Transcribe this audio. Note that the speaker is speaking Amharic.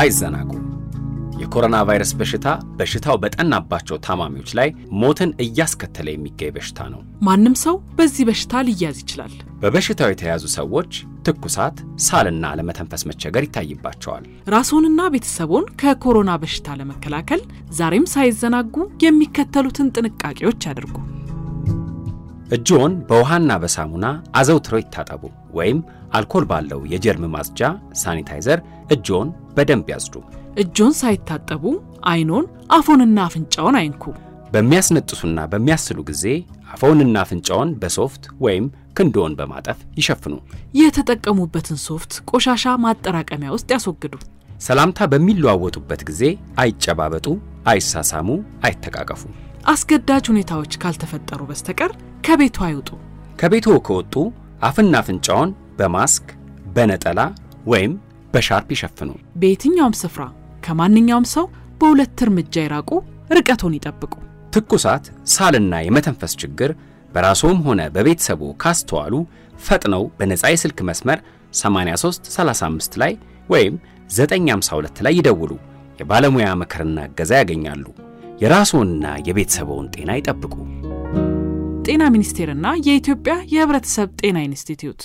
አይዘናጉ። የኮሮና ቫይረስ በሽታ በሽታው በጠናባቸው ታማሚዎች ላይ ሞትን እያስከተለ የሚገኝ በሽታ ነው። ማንም ሰው በዚህ በሽታ ሊያዝ ይችላል። በበሽታው የተያዙ ሰዎች ትኩሳት፣ ሳልና ለመተንፈስ መቸገር ይታይባቸዋል። ራስዎንና ቤተሰቦን ከኮሮና በሽታ ለመከላከል ዛሬም ሳይዘናጉ የሚከተሉትን ጥንቃቄዎች ያደርጉ። እጅዎን በውሃና በሳሙና አዘውትረው ይታጠቡ፣ ወይም አልኮል ባለው የጀርም ማጽጃ ሳኒታይዘር እጅዎን በደንብ ያጽዱ። እጆን ሳይታጠቡ አይኖን፣ አፎንና አፍንጫውን አይንኩ። በሚያስነጥሱና በሚያስሉ ጊዜ አፎንና አፍንጫውን በሶፍት ወይም ክንዶን በማጠፍ ይሸፍኑ። የተጠቀሙበትን ሶፍት ቆሻሻ ማጠራቀሚያ ውስጥ ያስወግዱ። ሰላምታ በሚለዋወጡበት ጊዜ አይጨባበጡ፣ አይሳሳሙ፣ አይተቃቀፉ። አስገዳጅ ሁኔታዎች ካልተፈጠሩ በስተቀር ከቤቱ አይውጡ። ከቤቱ ከወጡ አፍና አፍንጫውን በማስክ በነጠላ ወይም በሻርፕ ይሸፍኑ። በየትኛውም ስፍራ ከማንኛውም ሰው በሁለት እርምጃ ይራቁ፣ ርቀቶን ይጠብቁ። ትኩሳት፣ ሳልና የመተንፈስ ችግር በራስዎም ሆነ በቤተሰቡ ካስተዋሉ ፈጥነው በነፃ የስልክ መስመር 8335 ላይ ወይም 952 ላይ ይደውሉ። የባለሙያ ምክርና እገዛ ያገኛሉ። የራስዎንና የቤተሰቡን ጤና ይጠብቁ። ጤና ሚኒስቴርና የኢትዮጵያ የሕብረተሰብ ጤና ኢንስቲትዩት